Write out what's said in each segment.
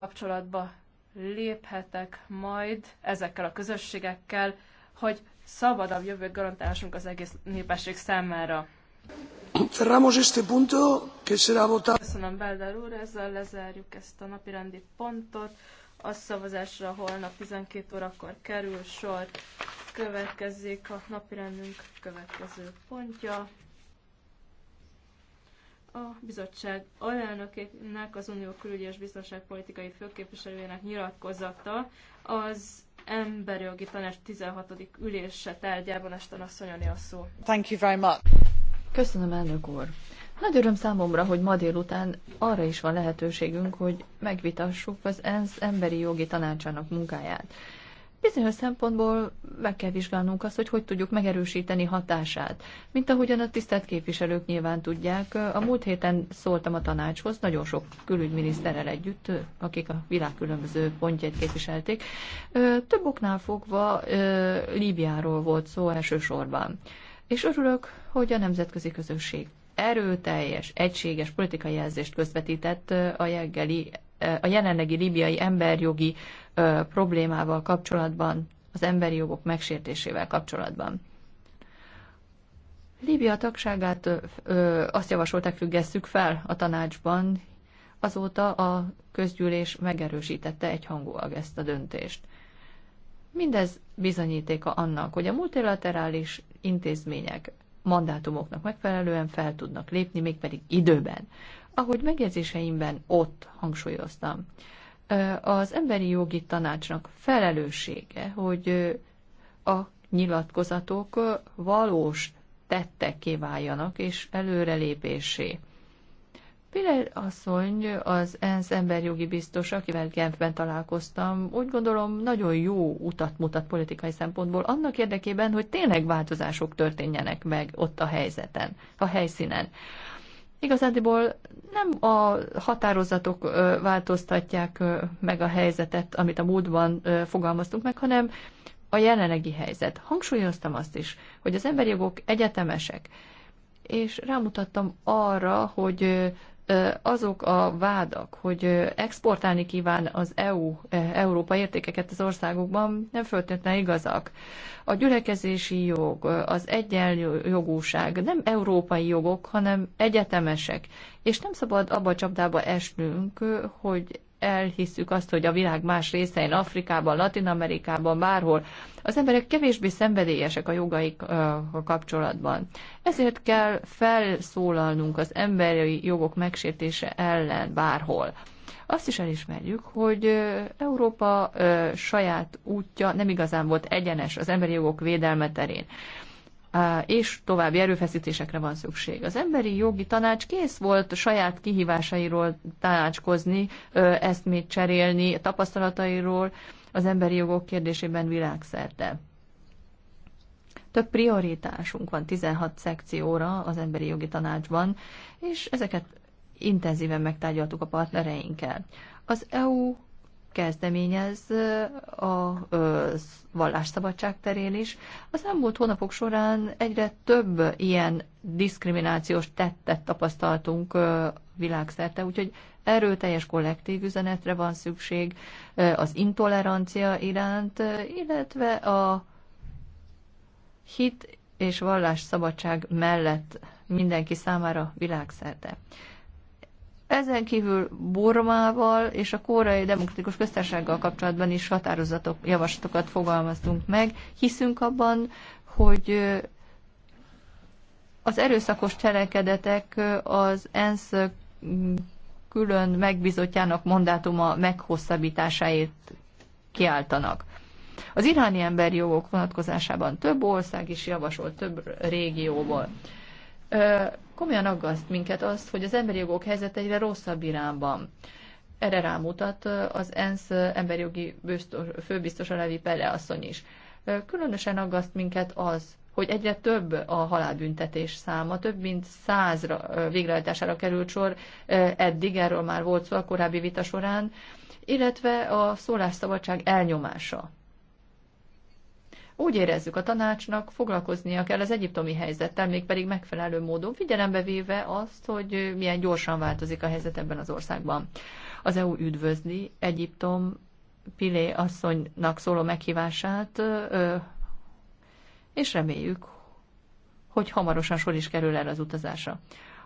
kapcsolatba léphetek majd ezekkel a közösségekkel, hogy szabadabb jövőt garantálásunk az egész népesség számára. Cerramos este punto, que será votado. Köszönöm, Belder úr, ezzel lezárjuk ezt a napirendi pontot. A szavazásra holnap 12 órakor kerül sor. Következik a napirendünk következő pontja a bizottság alelnökének, az Unió külügyi és biztonságpolitikai főképviselőjének nyilatkozata az emberi jogi tanács 16. ülése tárgyában Esten asszonyoni a szó. Thank you very much. Köszönöm, elnök úr. Nagy öröm számomra, hogy ma délután arra is van lehetőségünk, hogy megvitassuk az ENSZ emberi jogi tanácsának munkáját bizonyos szempontból meg kell vizsgálnunk azt, hogy hogy tudjuk megerősíteni hatását. Mint ahogyan a tisztelt képviselők nyilván tudják, a múlt héten szóltam a tanácshoz, nagyon sok külügyminiszterrel együtt, akik a világ különböző pontjait képviselték. Több oknál fogva Líbiáról volt szó elsősorban. És örülök, hogy a nemzetközi közösség erőteljes, egységes politikai jelzést közvetített a jeggeli a jelenlegi libiai emberjogi problémával kapcsolatban, az emberi jogok megsértésével kapcsolatban. Líbia tagságát ö, azt javasolták függesszük fel a tanácsban, azóta a közgyűlés megerősítette egyhangúak ezt a döntést. Mindez bizonyítéka annak, hogy a multilaterális intézmények mandátumoknak megfelelően fel tudnak lépni, mégpedig időben ahogy megjegyzéseimben ott hangsúlyoztam, az emberi jogi tanácsnak felelőssége, hogy a nyilatkozatok valós tettekké váljanak és előrelépésé. Piller asszony, az ENSZ emberjogi biztos, akivel Genfben találkoztam, úgy gondolom nagyon jó utat mutat politikai szempontból annak érdekében, hogy tényleg változások történjenek meg ott a helyzeten, a helyszínen igazándiból nem a határozatok változtatják meg a helyzetet, amit a múltban fogalmaztunk meg, hanem a jelenlegi helyzet. Hangsúlyoztam azt is, hogy az emberi jogok egyetemesek, és rámutattam arra, hogy azok a vádak, hogy exportálni kíván az EU, e, Európa értékeket az országokban, nem föltétlenül igazak. A gyülekezési jog, az egyenjogúság nem európai jogok, hanem egyetemesek. És nem szabad abba a csapdába esnünk, hogy elhiszük azt, hogy a világ más részein, Afrikában, Latin Amerikában, bárhol az emberek kevésbé szenvedélyesek a jogaik a kapcsolatban. Ezért kell felszólalnunk az emberi jogok megsértése ellen bárhol. Azt is elismerjük, hogy Európa saját útja nem igazán volt egyenes az emberi jogok védelme terén és további erőfeszítésekre van szükség. Az emberi jogi tanács kész volt saját kihívásairól tanácskozni, ezt még cserélni, tapasztalatairól az emberi jogok kérdésében világszerte. Több prioritásunk van 16 szekcióra az emberi jogi tanácsban, és ezeket intenzíven megtárgyaltuk a partnereinkkel. Az EU kezdeményez a vallásszabadság terén is. Az elmúlt hónapok során egyre több ilyen diszkriminációs tettet tapasztaltunk világszerte, úgyhogy erőteljes kollektív üzenetre van szükség az intolerancia iránt, illetve a hit és vallásszabadság mellett mindenki számára világszerte. Ezen kívül Burmával és a Kórai Demokratikus Köztársággal kapcsolatban is határozatok, javaslatokat fogalmaztunk meg. Hiszünk abban, hogy az erőszakos cselekedetek az ENSZ külön megbizotjának mandátuma meghosszabbításáért kiáltanak. Az iráni emberi jogok vonatkozásában több ország is javasolt, több régióból Komolyan aggaszt minket azt, hogy az emberi jogok helyzet egyre rosszabb irányban. Erre rámutat az ENSZ emberi jogi főbiztos Levi Pelle asszony is. Különösen aggaszt minket az, hogy egyre több a halálbüntetés száma, több mint százra végrehajtására került sor, eddig erről már volt szó a korábbi vita során, illetve a szólásszabadság elnyomása. Úgy érezzük, a tanácsnak foglalkoznia kell az egyiptomi helyzettel, mégpedig megfelelő módon, figyelembe véve azt, hogy milyen gyorsan változik a helyzet ebben az országban. Az EU üdvözli Egyiptom Pilé asszonynak szóló meghívását, és reméljük, hogy hamarosan sor is kerül el az utazása.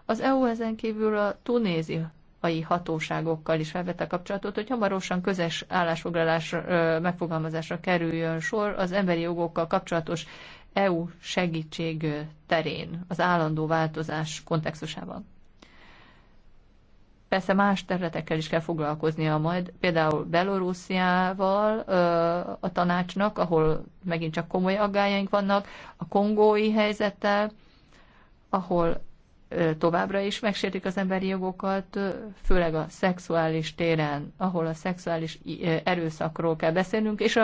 Az EU ezen kívül a tunézi amerikai hatóságokkal is felvette a kapcsolatot, hogy hamarosan közös állásfoglalás megfogalmazásra kerüljön sor az emberi jogokkal kapcsolatos EU segítség terén, az állandó változás kontextusában. Persze más területekkel is kell foglalkoznia majd, például Belorussziával a tanácsnak, ahol megint csak komoly aggájaink vannak, a kongói helyzettel, ahol továbbra is megsértik az emberi jogokat, főleg a szexuális téren, ahol a szexuális erőszakról kell beszélnünk, és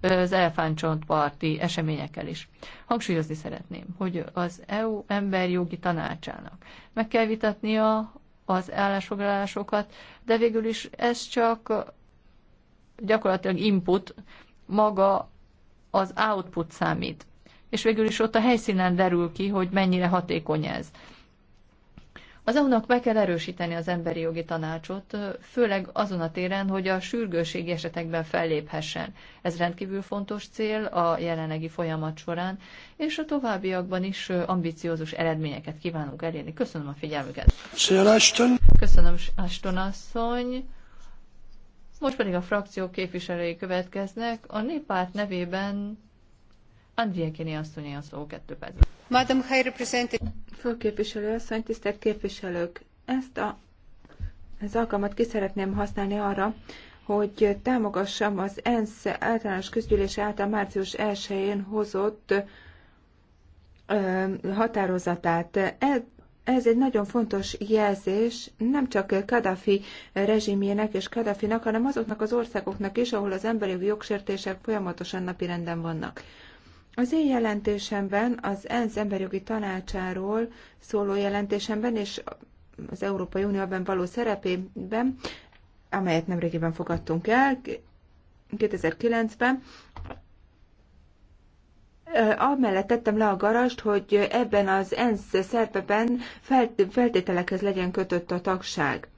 az elfántcsontparti eseményekkel is. Hangsúlyozni szeretném, hogy az EU emberi jogi tanácsának meg kell vitatnia az állásfoglalásokat, de végül is ez csak gyakorlatilag input, maga az output számít és végül is ott a helyszínen derül ki, hogy mennyire hatékony ez. Az EU-nak meg kell erősíteni az emberi jogi tanácsot, főleg azon a téren, hogy a sürgőségi esetekben felléphessen. Ez rendkívül fontos cél a jelenlegi folyamat során, és a továbbiakban is ambiciózus eredményeket kívánunk elérni. Köszönöm a figyelmüket. Szia, Ashton. Köszönöm, Ashton asszony. Most pedig a frakció képviselői következnek. A néppárt nevében Andriekini asszonyi a szó kettő percben. Madam High Representative. Főképviselő asszony, tisztelt képviselők! Ezt a, az alkalmat ki szeretném használni arra, hogy támogassam az ENSZ általános közgyűlés által március 1-én hozott ö, határozatát. E, ez egy nagyon fontos jelzés nem csak Kadhafi rezsimjének és Kadhafinak, hanem azoknak az országoknak is, ahol az emberi jogsértések folyamatosan napirenden vannak. Az én jelentésemben, az ENSZ emberjogi tanácsáról szóló jelentésemben és az Európai Unióban való szerepében, amelyet nemrégiben fogadtunk el, 2009-ben, amellett tettem le a garast, hogy ebben az ENSZ szerpeben feltételekhez legyen kötött a tagság.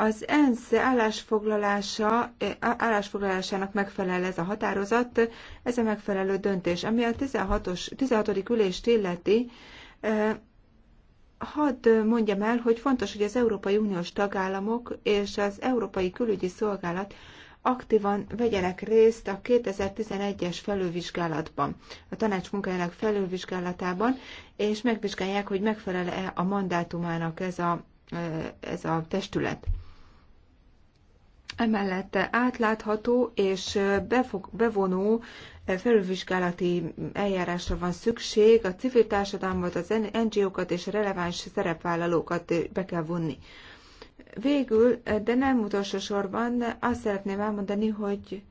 Az ENSZ állásfoglalása, eh, állásfoglalásának megfelel ez a határozat, ez a megfelelő döntés. Ami a 16-os, 16. ülést illeti, eh, hadd mondjam el, hogy fontos, hogy az Európai Uniós tagállamok és az Európai Külügyi Szolgálat aktívan vegyenek részt a 2011-es felülvizsgálatban, a tanács munkájának felülvizsgálatában, és megvizsgálják, hogy megfelel-e a mandátumának ez a, eh, ez a testület. Emellett átlátható és bevonó felülvizsgálati eljárásra van szükség, a civil társadalmat, az NGO-kat és a releváns szerepvállalókat be kell vonni. Végül, de nem utolsó sorban, azt szeretném elmondani, hogy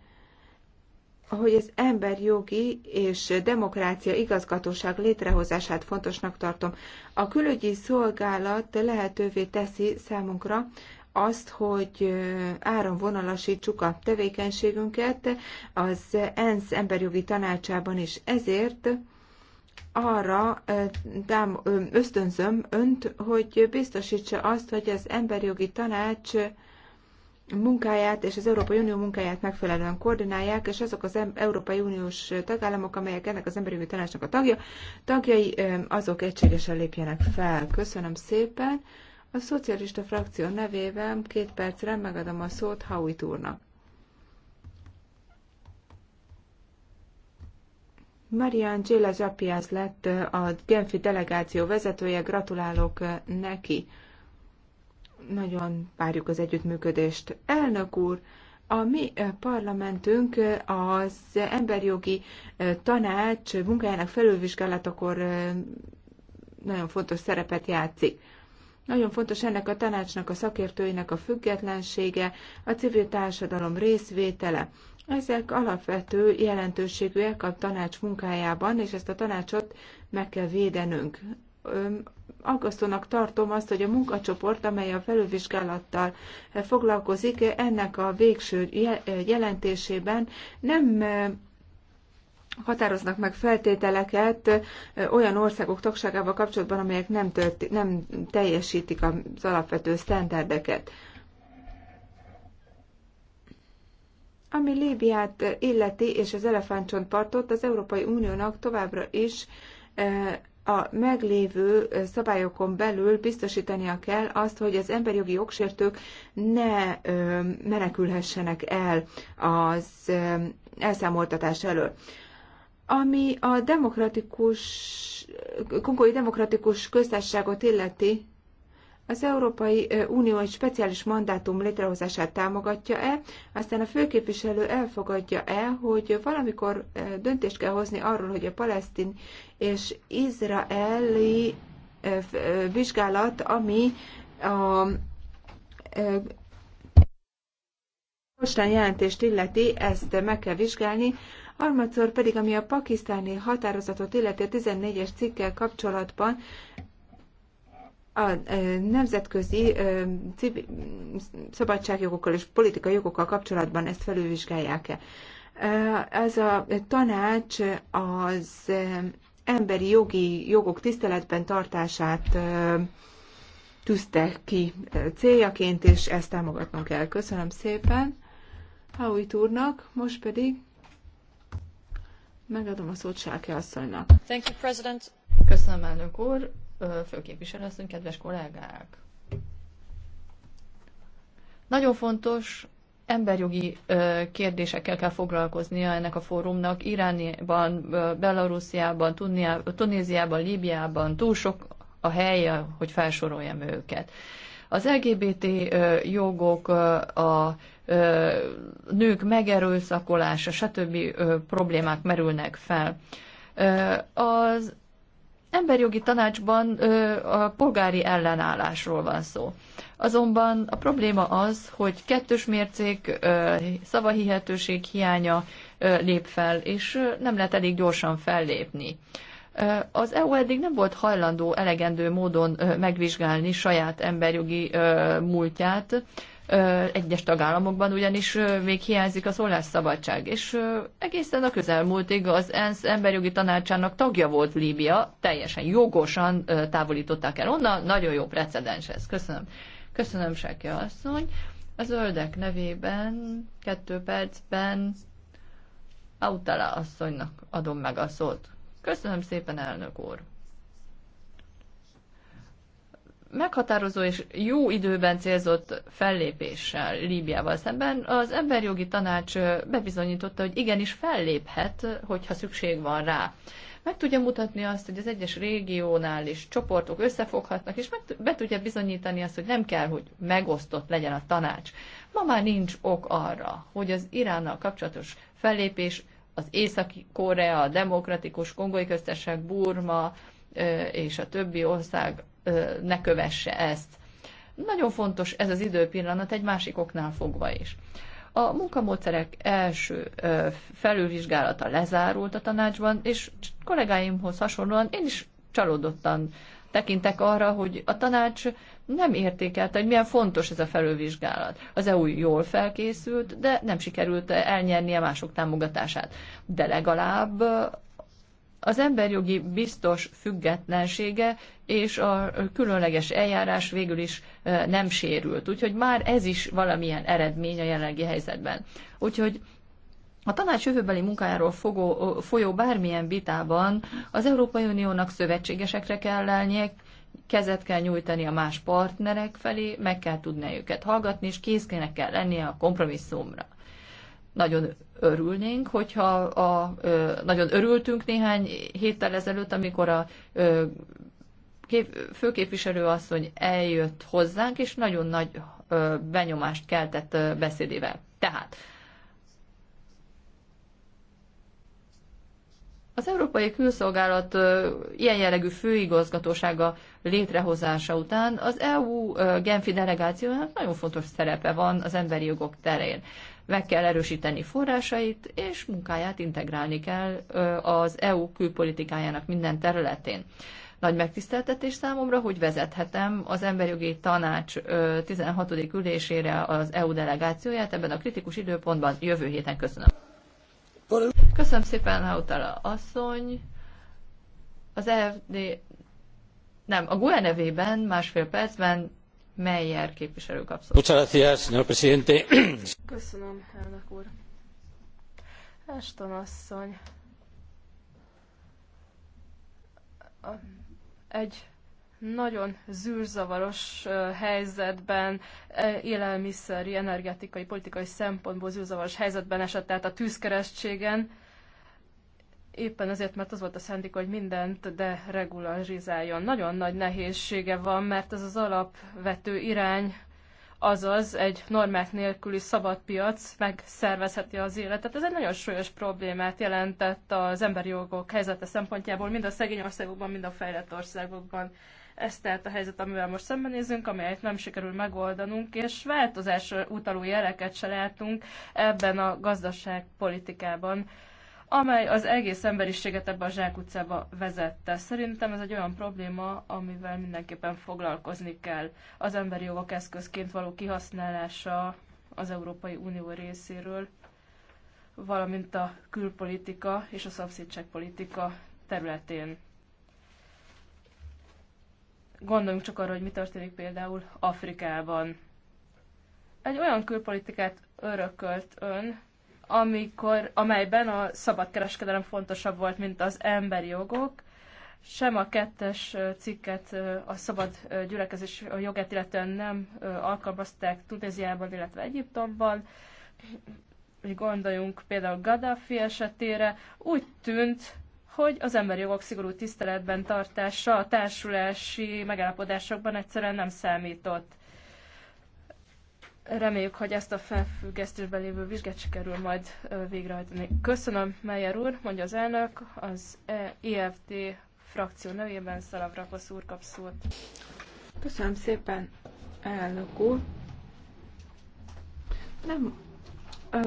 hogy az emberjogi és demokrácia igazgatóság létrehozását fontosnak tartom. A külügyi szolgálat lehetővé teszi számunkra, azt, hogy áramvonalasítsuk a tevékenységünket az ENSZ emberjogi tanácsában is. Ezért arra ösztönzöm önt, hogy biztosítsa azt, hogy az emberjogi tanács munkáját és az Európai Unió munkáját megfelelően koordinálják, és azok az Európai Uniós tagállamok, amelyek ennek az emberi tanácsnak a tagja, tagjai, azok egységesen lépjenek fel. Köszönöm szépen. A szocialista frakció nevében két percre megadom a szót Hauit úrnak. Marian Gila Zsapiász lett a Genfi delegáció vezetője, gratulálok neki. Nagyon várjuk az együttműködést. Elnök úr, a mi parlamentünk az emberjogi tanács munkájának felülvizsgálatakor nagyon fontos szerepet játszik. Nagyon fontos ennek a tanácsnak, a szakértőinek a függetlensége, a civil társadalom részvétele. Ezek alapvető jelentőségűek a tanács munkájában, és ezt a tanácsot meg kell védenünk. Aggasztónak tartom azt, hogy a munkacsoport, amely a felülvizsgálattal foglalkozik, ennek a végső jelentésében nem határoznak meg feltételeket olyan országok tagságával kapcsolatban, amelyek nem, tölti, nem teljesítik az alapvető sztenderdeket. Ami Líbiát illeti és az elefántcsontpartot, az Európai Uniónak továbbra is a meglévő szabályokon belül biztosítania kell azt, hogy az emberjogi jogsértők ne menekülhessenek el az elszámoltatás elől. Ami a demokratikus, kongói demokratikus köztársaságot illeti, az Európai Unió egy speciális mandátum létrehozását támogatja-e, aztán a főképviselő elfogadja-e, hogy valamikor döntést kell hozni arról, hogy a palesztin és izraeli vizsgálat, ami a Holstein jelentést illeti, ezt meg kell vizsgálni, harmadszor pedig, ami a pakisztáni határozatot illeti a 14-es cikkel kapcsolatban, a nemzetközi szabadságjogokkal és politikai jogokkal kapcsolatban ezt felülvizsgálják-e. Ez a tanács az emberi jogi jogok tiszteletben tartását tűzte ki céljaként, és ezt támogatnunk kell. Köszönöm szépen Howitt Túrnak, most pedig Megadom a szót Sáki asszonynak. Thank you, President. Köszönöm, elnök úr, főképviselő asszony, kedves kollégák. Nagyon fontos emberjogi kérdésekkel kell foglalkoznia ennek a fórumnak. Irániban, Belarusziában, Tunéziában, Líbiában túl sok a hely, hogy felsoroljam őket. Az LGBT jogok, a nők megerőszakolása, stb. problémák merülnek fel. Az emberjogi tanácsban a polgári ellenállásról van szó. Azonban a probléma az, hogy kettős mércék, szavahihetőség hiánya lép fel, és nem lehet elég gyorsan fellépni. Az EU eddig nem volt hajlandó elegendő módon megvizsgálni saját emberjogi múltját, egyes tagállamokban ugyanis még hiányzik a szólásszabadság, és egészen a közelmúltig az ENSZ emberjogi tanácsának tagja volt Líbia, teljesen jogosan távolították el onnan, nagyon jó precedens ez. Köszönöm. Köszönöm, Seke asszony. A zöldek nevében kettő percben Autala asszonynak adom meg a szót. Köszönöm szépen, elnök úr! meghatározó és jó időben célzott fellépéssel Líbiával szemben az emberjogi tanács bebizonyította, hogy igenis felléphet, hogyha szükség van rá. Meg tudja mutatni azt, hogy az egyes regionális csoportok összefoghatnak, és meg, be tudja bizonyítani azt, hogy nem kell, hogy megosztott legyen a tanács. Ma már nincs ok arra, hogy az Iránnal kapcsolatos fellépés az Észak-Korea, a Demokratikus Kongói Köztársaság, Burma és a többi ország ne kövesse ezt. Nagyon fontos ez az időpillanat egy másik oknál fogva is. A munkamódszerek első felülvizsgálata lezárult a tanácsban, és kollégáimhoz hasonlóan én is csalódottan tekintek arra, hogy a tanács nem értékelte, hogy milyen fontos ez a felülvizsgálat. Az EU jól felkészült, de nem sikerült elnyernie mások támogatását. De legalább az emberjogi biztos függetlensége és a különleges eljárás végül is eh, nem sérült. Úgyhogy már ez is valamilyen eredmény a jelenlegi helyzetben. Úgyhogy a tanács jövőbeli munkájáról fogó, folyó bármilyen vitában az Európai Uniónak szövetségesekre kell lennie, kezet kell nyújtani a más partnerek felé, meg kell tudni őket hallgatni, és készkének kell lennie a kompromisszumra. Nagyon örülnénk, hogyha a, nagyon örültünk néhány héttel ezelőtt, amikor a ö, kép, főképviselő asszony eljött hozzánk, és nagyon nagy benyomást keltett beszédével. Tehát Az Európai Külszolgálat ilyen jellegű főigazgatósága létrehozása után az EU Genfi delegációnak nagyon fontos szerepe van az emberi jogok terén. Meg kell erősíteni forrásait, és munkáját integrálni kell az EU külpolitikájának minden területén. Nagy megtiszteltetés számomra, hogy vezethetem az Emberjogi Tanács 16. ülésére az EU delegációját ebben a kritikus időpontban jövő héten. Köszönöm. Köszönöm szépen, Hautala asszony. Az EFD, nem, a GUE nevében másfél percben Meyer képviselő kapszol. Köszönöm, elnök úr. Ashton asszony. A, egy nagyon zűrzavaros helyzetben, élelmiszeri, energetikai, politikai szempontból zűrzavaros helyzetben esett tehát a tűzkeresztségen, éppen azért, mert az volt a szándék, hogy mindent deregularizáljon. Nagyon nagy nehézsége van, mert ez az alapvető irány, azaz egy normák nélküli szabad piac megszervezheti az életet. Ez egy nagyon súlyos problémát jelentett az emberi jogok helyzete szempontjából, mind a szegény országokban, mind a fejlett országokban. Ez tehát a helyzet, amivel most szembenézünk, amelyet nem sikerül megoldanunk, és változás utaló jeleket se látunk ebben a gazdaságpolitikában amely az egész emberiséget ebbe a zsákutcába vezette. Szerintem ez egy olyan probléma, amivel mindenképpen foglalkozni kell. Az emberi jogok eszközként való kihasználása az Európai Unió részéről, valamint a külpolitika és a szomszédságpolitika területén. Gondoljunk csak arra, hogy mi történik például Afrikában. Egy olyan külpolitikát örökölt ön, amikor, amelyben a szabadkereskedelem fontosabb volt, mint az emberi jogok, sem a kettes cikket a szabad gyülekezés jogát illetően nem alkalmazták Tunéziában, illetve Egyiptomban. Gondoljunk például Gaddafi esetére. Úgy tűnt, hogy az emberi jogok szigorú tiszteletben tartása a társulási megállapodásokban egyszerűen nem számított. Reméljük, hogy ezt a felfüggesztésben lévő vizsgát sikerül majd végrehajtani. Köszönöm, Meyer úr, mondja az elnök, az EFT frakció nevében Szalavrakosz úr kap szót. Köszönöm szépen, elnök úr. Nem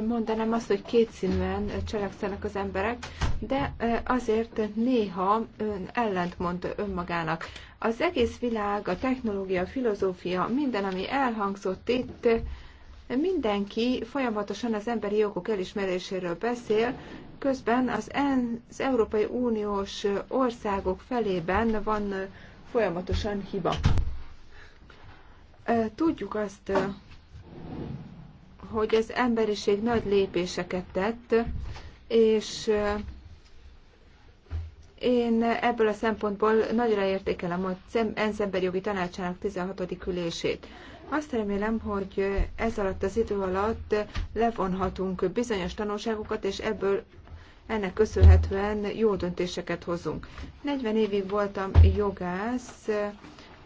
mondanám azt, hogy kétszínűen cselekszenek az emberek, de azért néha ellentmond önmagának. Az egész világ, a technológia, a filozófia, minden, ami elhangzott itt, mindenki folyamatosan az emberi jogok elismeréséről beszél, közben az, en, az Európai Uniós országok felében van folyamatosan hiba. Tudjuk azt, hogy az emberiség nagy lépéseket tett, és én ebből a szempontból nagyra értékelem a ENSZ emberjogi tanácsának 16. ülését. Azt remélem, hogy ez alatt az idő alatt levonhatunk bizonyos tanulságokat, és ebből ennek köszönhetően jó döntéseket hozunk. 40 évig voltam jogász,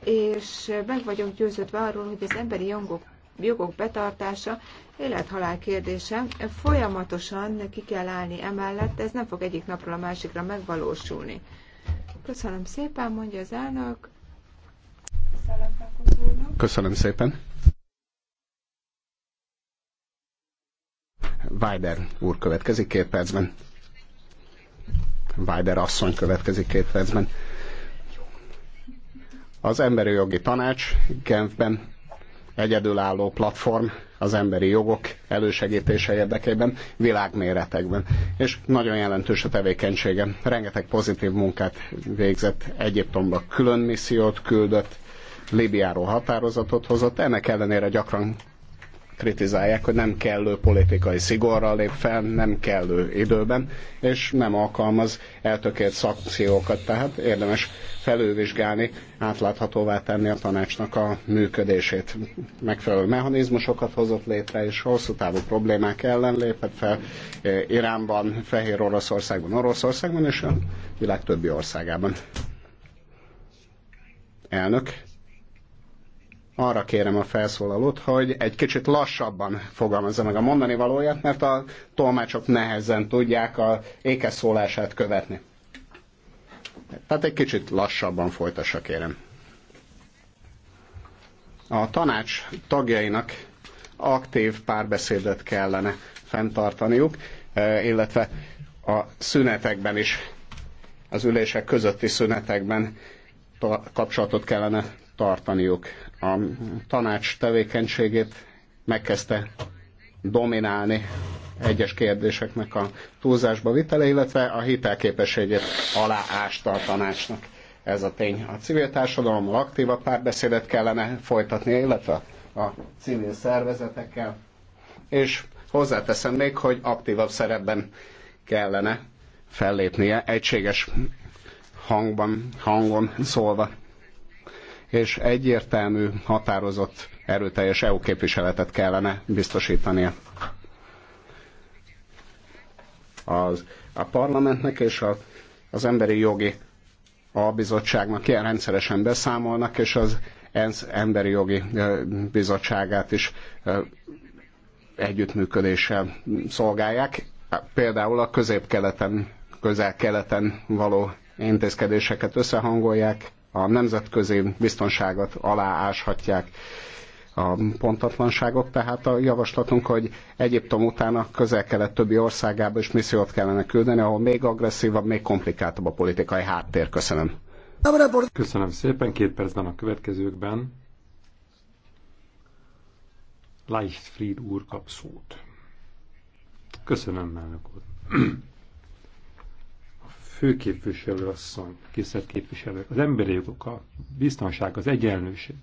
és meg vagyok győződve arról, hogy az emberi jogok jogok betartása, élethalál kérdése. Folyamatosan ki kell állni emellett, ez nem fog egyik napról a másikra megvalósulni. Köszönöm szépen, mondja az elnök. Köszönöm szépen. Weider úr következik két percben. Weider asszony következik két percben. Az emberi jogi tanács Genfben egyedülálló platform az emberi jogok elősegítése érdekében világméretekben. És nagyon jelentős a tevékenysége. Rengeteg pozitív munkát végzett Egyiptomba, külön missziót küldött, Libiáról határozatot hozott, ennek ellenére gyakran kritizálják, hogy nem kellő politikai szigorral lép fel, nem kellő időben, és nem alkalmaz eltökélt szakciókat, tehát érdemes felülvizsgálni, átláthatóvá tenni a tanácsnak a működését. Megfelelő mechanizmusokat hozott létre, és hosszú távú problémák ellen lépett fel e, Iránban, Fehér Oroszországban, Oroszországban és a világ többi országában. Elnök, arra kérem a felszólalót, hogy egy kicsit lassabban fogalmazza meg a mondani valóját, mert a tolmácsok nehezen tudják a ékes szólását követni. Tehát egy kicsit lassabban folytassa, kérem. A tanács tagjainak aktív párbeszédet kellene fenntartaniuk, eh, illetve a szünetekben is, az ülések közötti szünetekben kapcsolatot kellene tartaniuk a tanács tevékenységét megkezdte dominálni egyes kérdéseknek a túlzásba vitele, illetve a hitelképességét aláásta a tanácsnak. Ez a tény. A civil társadalommal aktívabb párbeszédet kellene folytatni, illetve a civil szervezetekkel, és hozzáteszem még, hogy aktívabb szerepben kellene fellépnie, egységes hangban, hangon szólva és egyértelmű, határozott, erőteljes EU képviseletet kellene biztosítania. Az, a parlamentnek és a, az emberi jogi bizottságnak ilyen rendszeresen beszámolnak, és az ENSZ emberi jogi bizottságát is együttműködéssel szolgálják. Például a közép-keleten, közel-keleten való intézkedéseket összehangolják, a nemzetközi biztonságot alááshatják a pontatlanságok, tehát a javaslatunk, hogy Egyiptom után a közel-kelet többi országába is missziót kellene küldeni, ahol még agresszívabb, még komplikáltabb a politikai háttér. Köszönöm. Köszönöm szépen, két percben a következőkben. Leichtfried úr kap szót. Köszönöm, elnök úr főképviselő asszony, tisztelt képviselő, az emberi jogok, a biztonság, az egyenlőség,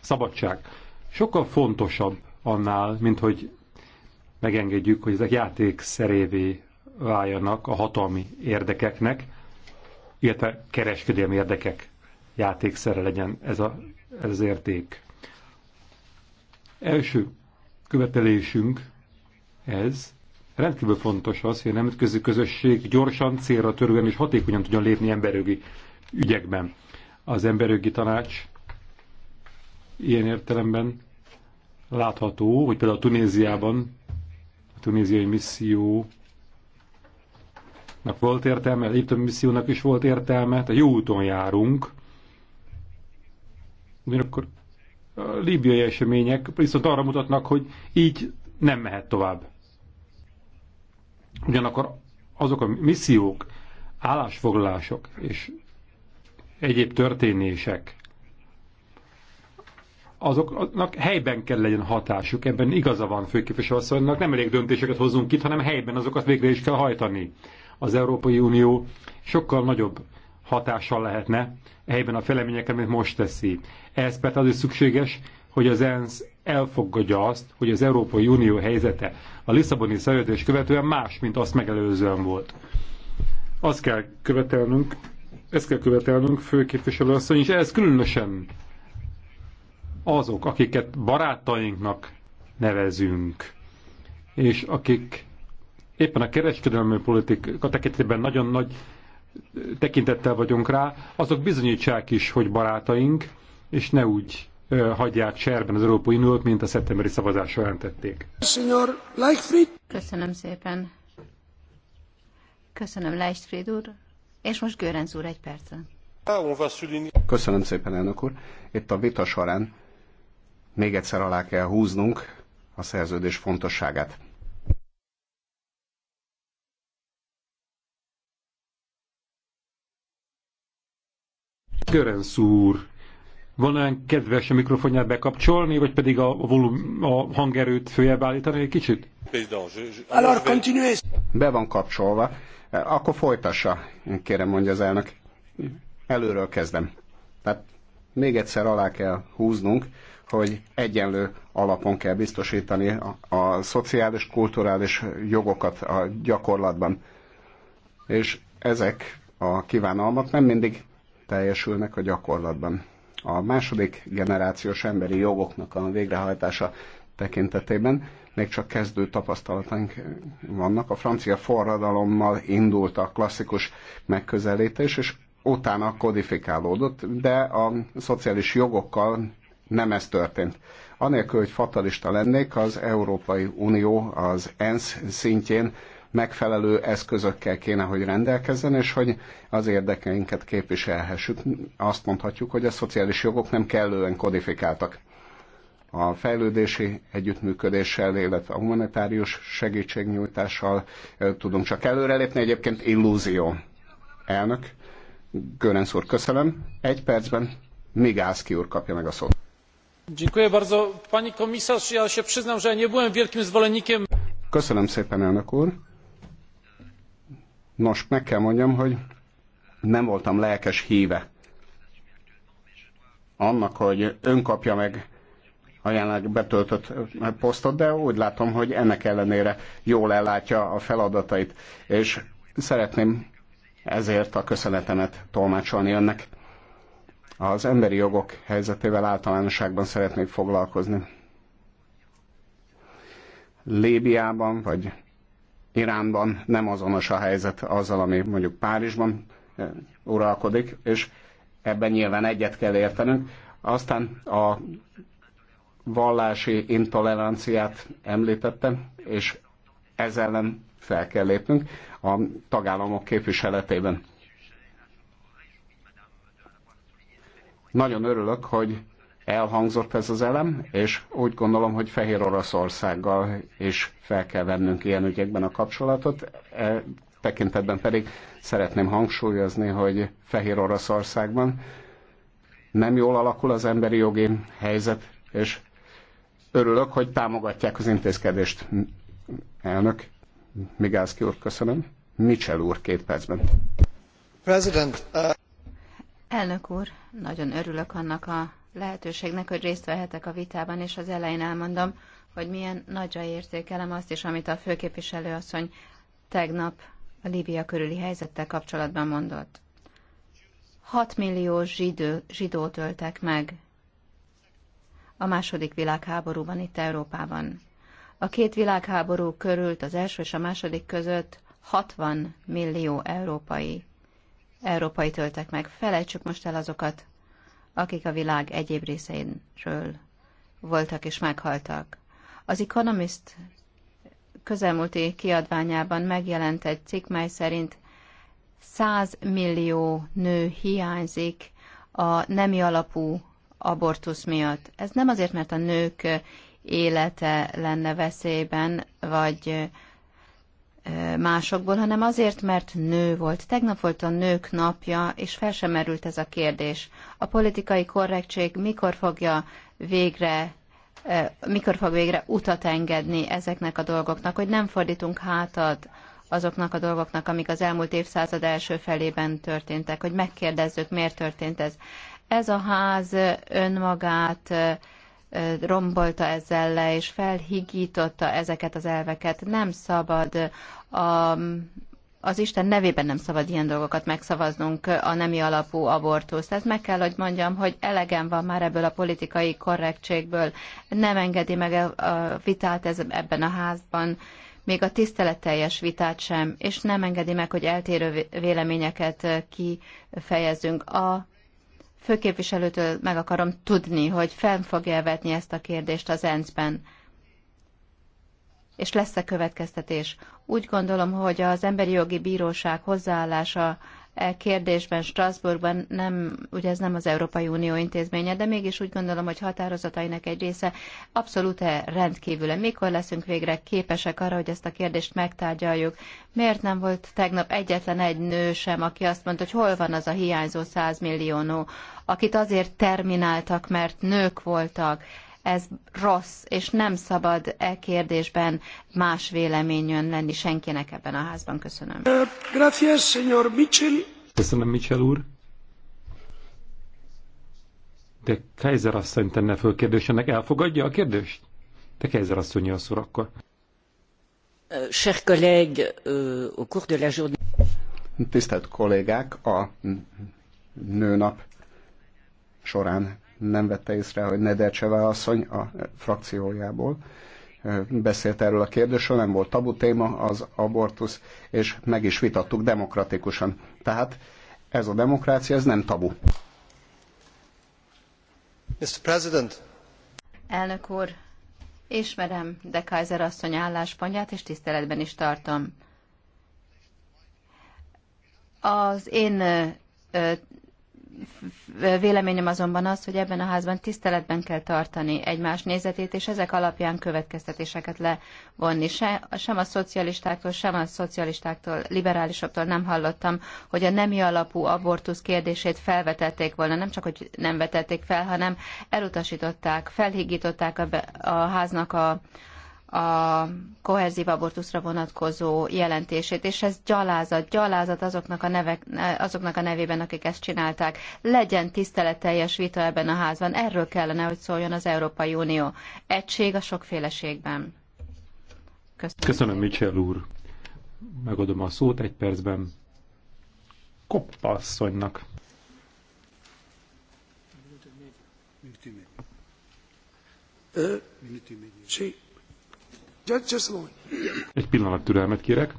szabadság sokkal fontosabb annál, mint hogy megengedjük, hogy ezek játékszerévé váljanak a hatalmi érdekeknek, illetve kereskedelmi érdekek játékszere legyen ez, a, ez az érték. Első követelésünk ez, Rendkívül fontos az, hogy a nemzetközi közösség gyorsan, célra törően és hatékonyan tudjon lépni emberjogi ügyekben. Az emberjogi tanács ilyen értelemben látható, hogy például a Tunéziában a tunéziai misszió volt értelme, az Egyiptom missziónak is volt értelme, tehát jó úton járunk. Ugyanakkor a líbiai események viszont arra mutatnak, hogy így nem mehet tovább. Ugyanakkor azok a missziók, állásfoglalások és egyéb történések, azoknak helyben kell legyen hatásuk, ebben igaza van főképviselő asszonynak, nem elég döntéseket hozunk itt, hanem helyben azokat végre is kell hajtani. Az Európai Unió sokkal nagyobb hatással lehetne helyben a feleményekre, mint most teszi. Ehhez persze az is szükséges, hogy az ENSZ elfogadja azt, hogy az Európai Unió helyzete a Lisszaboni szerződés követően más, mint azt megelőzően volt. Azt kell követelnünk, ezt kell követelnünk, főképviselő asszony, és ez különösen azok, akiket barátainknak nevezünk, és akik éppen a kereskedelmi politika tekintetében nagyon nagy tekintettel vagyunk rá, azok bizonyítsák is, hogy barátaink, és ne úgy hagyják cserben az Európai Uniót, mint a szeptemberi szavazás jelentették. Köszönöm szépen. Köszönöm, Leichtfried úr. És most Görenc úr egy percen. Köszönöm szépen, elnök úr. Itt a vita során még egyszer alá kell húznunk a szerződés fontosságát. Görenc úr van olyan kedves a mikrofonját bekapcsolni, vagy pedig a, volum, a hangerőt följebb állítani egy kicsit? Be van kapcsolva. Akkor folytassa, kérem mondja az elnök. Előről kezdem. Tehát még egyszer alá kell húznunk, hogy egyenlő alapon kell biztosítani a, a szociális, kulturális jogokat a gyakorlatban. És ezek a kívánalmak nem mindig teljesülnek a gyakorlatban a második generációs emberi jogoknak a végrehajtása tekintetében még csak kezdő tapasztalataink vannak. A francia forradalommal indult a klasszikus megközelítés, és utána kodifikálódott, de a szociális jogokkal nem ez történt. Anélkül, hogy fatalista lennék, az Európai Unió az ENSZ szintjén megfelelő eszközökkel kéne, hogy rendelkezzen, és hogy az érdekeinket képviselhessük. Azt mondhatjuk, hogy a szociális jogok nem kellően kodifikáltak. A fejlődési együttműködéssel, illetve a humanitárius segítségnyújtással tudunk csak előrelépni. Egyébként illúzió. Elnök, Görenc úr, köszönöm. Egy percben Migászki úr kapja meg a szót pani komisarz! ja się przyznam że nie byłem wielkim zwolennikiem. köszönöm szépen elnök úr Nos, meg kell mondjam, hogy nem voltam lelkes híve annak, hogy ön kapja meg a jelenleg betöltött posztot, de úgy látom, hogy ennek ellenére jól ellátja a feladatait, és szeretném ezért a köszönetemet tolmácsolni önnek. Az emberi jogok helyzetével általánosságban szeretnék foglalkozni. Lébiában, vagy Iránban nem azonos a helyzet azzal, ami mondjuk Párizsban eh, uralkodik, és ebben nyilván egyet kell értenünk. Aztán a vallási intoleranciát említette, és ez ellen fel kell lépnünk a tagállamok képviseletében. Nagyon örülök, hogy elhangzott ez az elem, és úgy gondolom, hogy Fehér Oroszországgal is fel kell vennünk ilyen ügyekben a kapcsolatot. E tekintetben pedig szeretném hangsúlyozni, hogy Fehér Oroszországban nem jól alakul az emberi jogi helyzet, és örülök, hogy támogatják az intézkedést. Elnök, Migászki úr, köszönöm. Mitchell úr, két percben. President, uh... Elnök úr, nagyon örülök annak a lehetőségnek, hogy részt vehetek a vitában, és az elején elmondom, hogy milyen nagyra értékelem azt is, amit a főképviselő asszony tegnap a Líbia körüli helyzettel kapcsolatban mondott. 6 millió zsidó, zsidót öltek meg a második világháborúban itt Európában. A két világháború körült, az első és a második között 60 millió európai, európai töltek meg. Felejtsük most el azokat, akik a világ egyéb részeinről voltak és meghaltak. Az Economist közelmúlti kiadványában megjelent egy cikk, mely szerint 100 millió nő hiányzik a nemi alapú abortusz miatt. Ez nem azért, mert a nők élete lenne veszélyben, vagy másokból, hanem azért, mert nő volt. Tegnap volt a nők napja, és fel sem merült ez a kérdés. A politikai korrektség mikor fogja végre mikor fog végre utat engedni ezeknek a dolgoknak, hogy nem fordítunk hátad azoknak a dolgoknak, amik az elmúlt évszázad első felében történtek, hogy megkérdezzük, miért történt ez. Ez a ház önmagát rombolta ezzel le, és felhigította ezeket az elveket. Nem szabad a, az Isten nevében nem szabad ilyen dolgokat megszavaznunk, a nemi alapú abortuszt. Tehát meg kell, hogy mondjam, hogy elegem van már ebből a politikai korrektségből. Nem engedi meg a vitát ez, ebben a házban, még a tiszteletteljes vitát sem, és nem engedi meg, hogy eltérő véleményeket kifejezzünk. A főképviselőtől meg akarom tudni, hogy fenn fogja vetni ezt a kérdést az ENSZ-ben, és lesz-e következtetés. Úgy gondolom, hogy az Emberi Jogi Bíróság hozzáállása E kérdésben Strasbourgban nem, ugye ez nem az Európai Unió intézménye, de mégis úgy gondolom, hogy határozatainak egy része abszolút -e. Mikor leszünk végre képesek arra, hogy ezt a kérdést megtárgyaljuk? Miért nem volt tegnap egyetlen egy nő sem, aki azt mondta, hogy hol van az a hiányzó 100 millió nő, akit azért termináltak, mert nők voltak? ez rossz, és nem szabad e kérdésben más véleményön lenni senkinek ebben a házban. Köszönöm. Eh, gracias, señor Mitchell. Köszönöm, Mitchell úr. De Kaiser asszony tenne föl kérdést, ennek elfogadja a kérdést? De Kaiser asszony a szor akkor. Eh, chers collègues, eh, au cours de la journée... Tisztelt kollégák, a nőnap során nem vette észre, hogy Nedelcseve asszony a frakciójából beszélt erről a kérdésről, nem volt tabu téma az abortusz, és meg is vitattuk demokratikusan. Tehát ez a demokrácia, ez nem tabu. Mr. President. Elnök úr, ismerem de Kaiser asszony álláspontját, és tiszteletben is tartom. Az én Véleményem azonban az, hogy ebben a házban tiszteletben kell tartani egymás nézetét, és ezek alapján következtetéseket levonni. Se, sem a szocialistáktól, sem a szocialistáktól, liberálisoktól nem hallottam, hogy a nemi alapú abortusz kérdését felvetették volna. Nem csak, hogy nem vetették fel, hanem elutasították, felhigították a, be, a háznak a, a koherzív abortuszra vonatkozó jelentését, és ez gyalázat, gyalázat azoknak a, nevek, azoknak a nevében, akik ezt csinálták. Legyen tiszteleteljes vita ebben a házban, erről kellene, hogy szóljon az Európai Unió. Egység a sokféleségben. Köszönöm. Köszönöm, Michel úr. Megadom a szót egy percben. Koppasszonynak. Minuti e medio. Minuti medio. Sì. Egy pillanat türelmet kérek.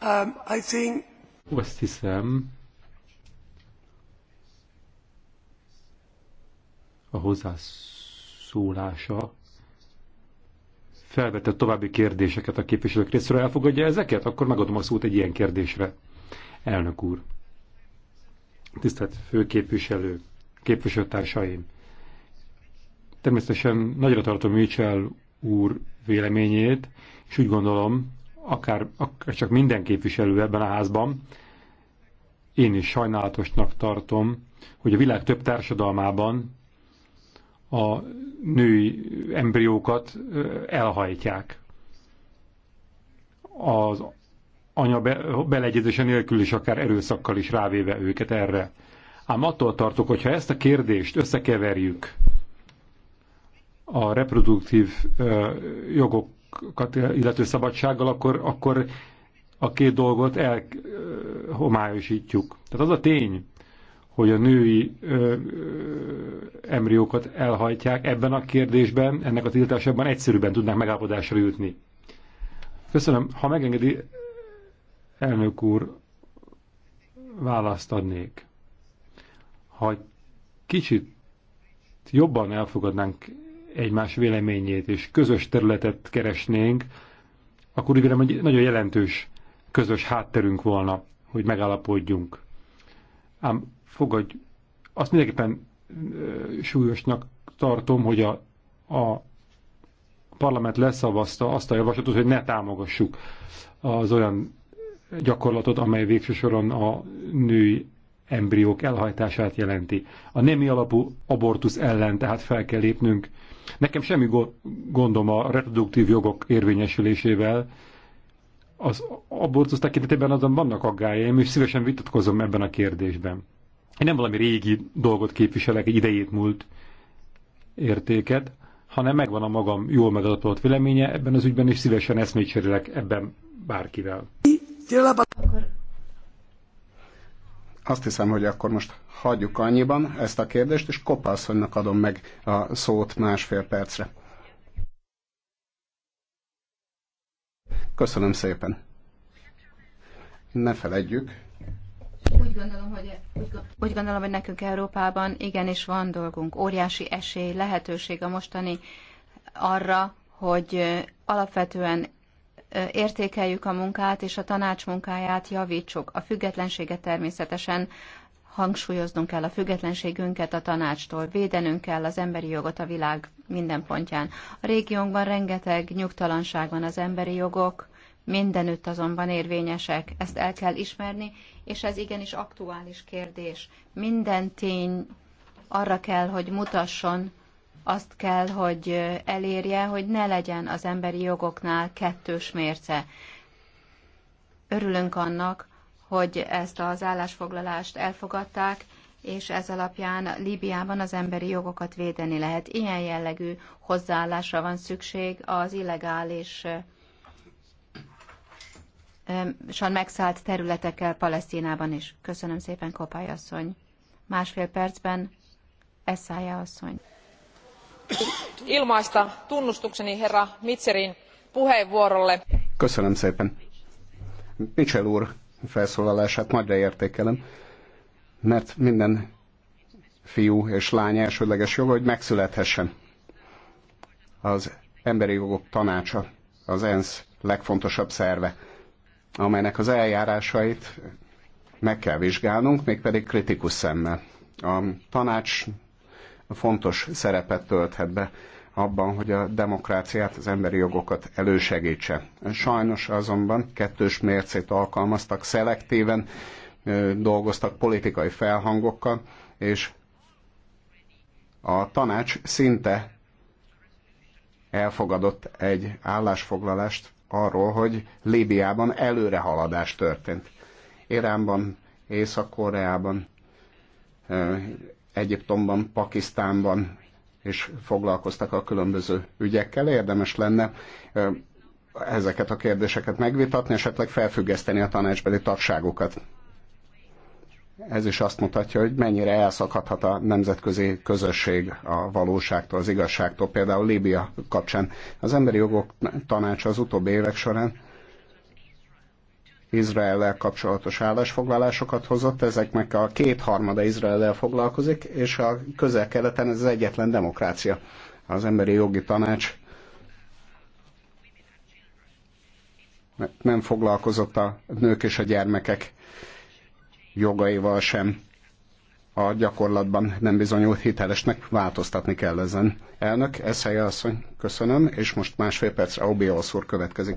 Um, I think... Azt hiszem, a hozzászólása felvetett további kérdéseket a képviselők részéről. Elfogadja ezeket? Akkor megadom a szót egy ilyen kérdésre. Elnök úr, tisztelt főképviselő, képviselőtársaim, Természetesen nagyra tartom Mitchell úr véleményét, és úgy gondolom, akár, akár csak minden képviselő ebben a házban, én is sajnálatosnak tartom, hogy a világ több társadalmában a női embriókat elhajtják. Az anya beleegyezése nélkül is akár erőszakkal is rávéve őket erre. Ám attól tartok, hogyha ezt a kérdést összekeverjük a reproduktív jogokat illető szabadsággal, akkor, akkor a két dolgot elhomályosítjuk. Tehát az a tény, hogy a női ö, ö, embriókat elhajtják ebben a kérdésben, ennek a tiltásában egyszerűbben tudnak megállapodásra jutni. Köszönöm. Ha megengedi, elnök úr, választ adnék. Ha kicsit jobban elfogadnánk egymás véleményét és közös területet keresnénk, akkor úgy hogy nagyon jelentős közös hátterünk volna, hogy megállapodjunk. Ám fogadj, azt mindenképpen súlyosnak tartom, hogy a, a parlament leszavazta azt a javaslatot, hogy ne támogassuk az olyan gyakorlatot, amely végső soron a női embriók elhajtását jelenti. A nemi alapú abortusz ellen tehát fel kell lépnünk. Nekem semmi gondom a reproduktív jogok érvényesülésével, az abortusz tekintetében azon vannak aggájaim, és szívesen vitatkozom ebben a kérdésben. Én nem valami régi dolgot képviselek, egy idejét múlt értéket, hanem megvan a magam jól megadatolt véleménye ebben az ügyben, és szívesen eszmét cserélek ebben bárkivel. Akkor azt hiszem, hogy akkor most hagyjuk annyiban ezt a kérdést, és kopászonynak adom meg a szót másfél percre. Köszönöm szépen. Ne feledjük. Úgy gondolom, hogy, úgy gondolom, hogy nekünk Európában igenis van dolgunk. Óriási esély, lehetőség a mostani arra, hogy alapvetően értékeljük a munkát, és a tanács munkáját javítsuk. A függetlenséget természetesen hangsúlyoznunk kell a függetlenségünket a tanácstól, védenünk kell az emberi jogot a világ minden pontján. A régiónkban rengeteg nyugtalanság van az emberi jogok, mindenütt azonban érvényesek, ezt el kell ismerni, és ez igenis aktuális kérdés. Minden tény arra kell, hogy mutasson, azt kell, hogy elérje, hogy ne legyen az emberi jogoknál kettős mérce. Örülünk annak, hogy ezt az állásfoglalást elfogadták, és ez alapján Líbiában az emberi jogokat védeni lehet. Ilyen jellegű hozzáállásra van szükség az illegális a megszállt területekkel Palesztinában is. Köszönöm szépen, Kopály asszony. Másfél percben Eszája asszony ilmaista tunnustukseni herra Mitcherin puheenvuorolle. Köszönöm szépen. Mitchell úr felszólalását nagyra értékelem, mert minden fiú és lány elsődleges joga, hogy megszülethessen. Az Emberi Jogok Tanácsa, az ENSZ legfontosabb szerve, amelynek az eljárásait meg kell vizsgálnunk, mégpedig kritikus szemmel. A tanács fontos szerepet tölthet be abban, hogy a demokráciát, az emberi jogokat elősegítse. Sajnos azonban kettős mércét alkalmaztak, szelektíven dolgoztak politikai felhangokkal, és a tanács szinte elfogadott egy állásfoglalást arról, hogy Líbiában előrehaladás történt. Iránban, Észak-Koreában, Egyiptomban, Pakisztánban és foglalkoztak a különböző ügyekkel. Érdemes lenne ezeket a kérdéseket megvitatni, esetleg felfüggeszteni a tanácsbeli tagságukat. Ez is azt mutatja, hogy mennyire elszakadhat a nemzetközi közösség a valóságtól, az igazságtól, például Líbia kapcsán. Az Emberi Jogok Tanácsa az utóbbi évek során Izrael-el kapcsolatos állásfoglalásokat hozott, ezeknek a kétharmada el foglalkozik, és a közel-keleten ez az egyetlen demokrácia, az emberi jogi tanács. Nem foglalkozott a nők és a gyermekek jogaival sem a gyakorlatban nem bizonyult hitelesnek, változtatni kell ezen. Elnök, Eszelje asszony, köszönöm, és most másfél percre Obi Olszúr következik.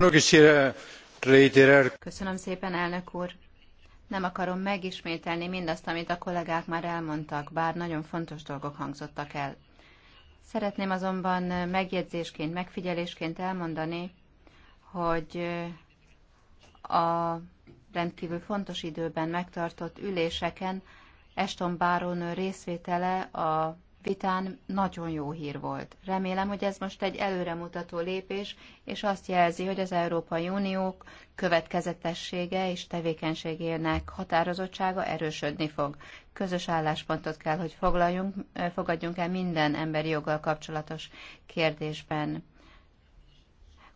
Köszönöm szépen, elnök úr. Nem akarom megismételni mindazt, amit a kollégák már elmondtak, bár nagyon fontos dolgok hangzottak el. Szeretném azonban megjegyzésként, megfigyelésként elmondani, hogy a rendkívül fontos időben megtartott üléseken Eston Báron részvétele a kapitán, nagyon jó hír volt. Remélem, hogy ez most egy előremutató lépés, és azt jelzi, hogy az Európai Uniók következetessége és tevékenységének határozottsága erősödni fog. Közös álláspontot kell, hogy foglaljunk, eh, fogadjunk el minden emberi joggal kapcsolatos kérdésben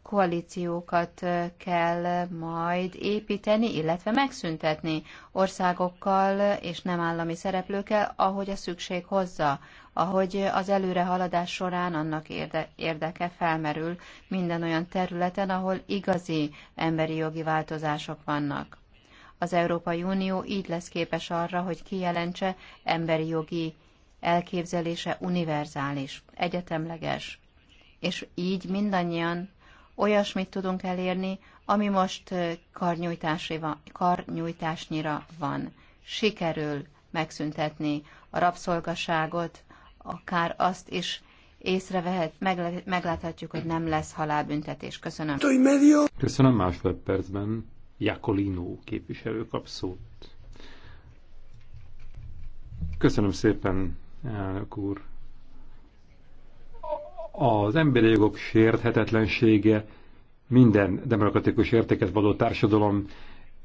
koalíciókat kell majd építeni, illetve megszüntetni országokkal és nem állami szereplőkkel, ahogy a szükség hozza, ahogy az előrehaladás során annak érde, érdeke felmerül minden olyan területen, ahol igazi emberi jogi változások vannak. Az Európai Unió így lesz képes arra, hogy kijelentse emberi jogi elképzelése univerzális, egyetemleges, és így mindannyian olyasmit tudunk elérni, ami most karnyújtásnyira van. Sikerül megszüntetni a rabszolgaságot, akár azt is észrevehet, megláthatjuk, hogy nem lesz halálbüntetés. Köszönöm. Köszönöm másfél percben. Jakolino képviselő kap szót. Köszönöm szépen, elnök úr. Az emberi jogok sérthetetlensége minden demokratikus értéket való társadalom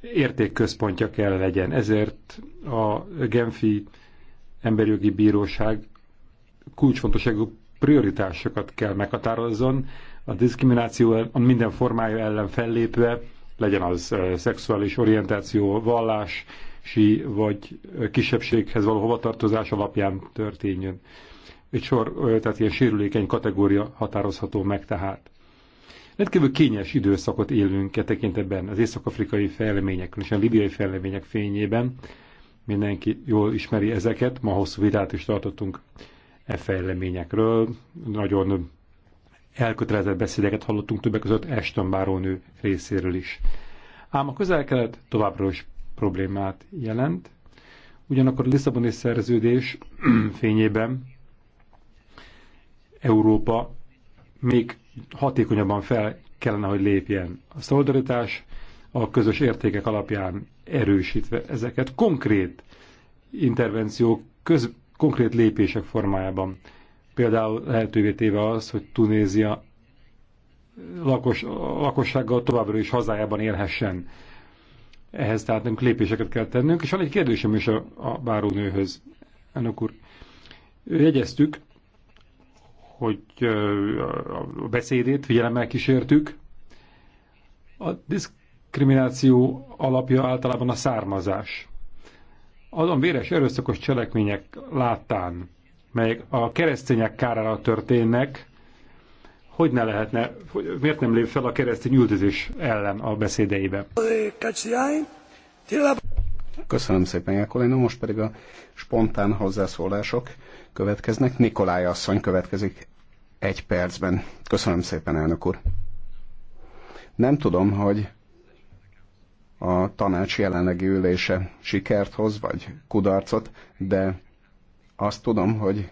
értékközpontja kell legyen. Ezért a Genfi Emberi Jogi Bíróság kulcsfontosságú prioritásokat kell meghatározzon, a diszkrimináció minden formája ellen fellépve, legyen az szexuális orientáció, vallási vagy kisebbséghez való hovatartozás alapján történjön egy sor, tehát ilyen sérülékeny kategória határozható meg tehát. Rendkívül kényes időszakot élünk e tekintetben az észak-afrikai fejlemények, és a libiai fejlemények fényében. Mindenki jól ismeri ezeket, ma hosszú vitát is tartottunk e fejleményekről. Nagyon elkötelezett beszédeket hallottunk többek között Eston Bárónő részéről is. Ám a közel-kelet továbbra is problémát jelent. Ugyanakkor a Lisszaboni szerződés fényében Európa még hatékonyabban fel kellene, hogy lépjen. A szolidaritás a közös értékek alapján erősítve ezeket konkrét intervenciók, köz, konkrét lépések formájában. Például lehetővé téve az, hogy Tunézia lakos, lakossággal továbbra is hazájában élhessen. Ehhez tehát nem lépéseket kell tennünk. És van egy kérdésem is a, a bárónőhöz, elnök úr. Jegyeztük, hogy a beszédét figyelemmel kísértük. A diszkrimináció alapja általában a származás. Azon véres erőszakos cselekmények láttán, melyek a keresztények kárára történnek, hogy ne lehetne, hogy miért nem lép fel a keresztény üldözés ellen a beszédeibe? Köszönöm szépen, Jákolina. Most pedig a spontán hozzászólások következnek. Nikolaj asszony következik egy percben. Köszönöm szépen, elnök úr. Nem tudom, hogy a tanács jelenlegi ülése sikert hoz, vagy kudarcot, de azt tudom, hogy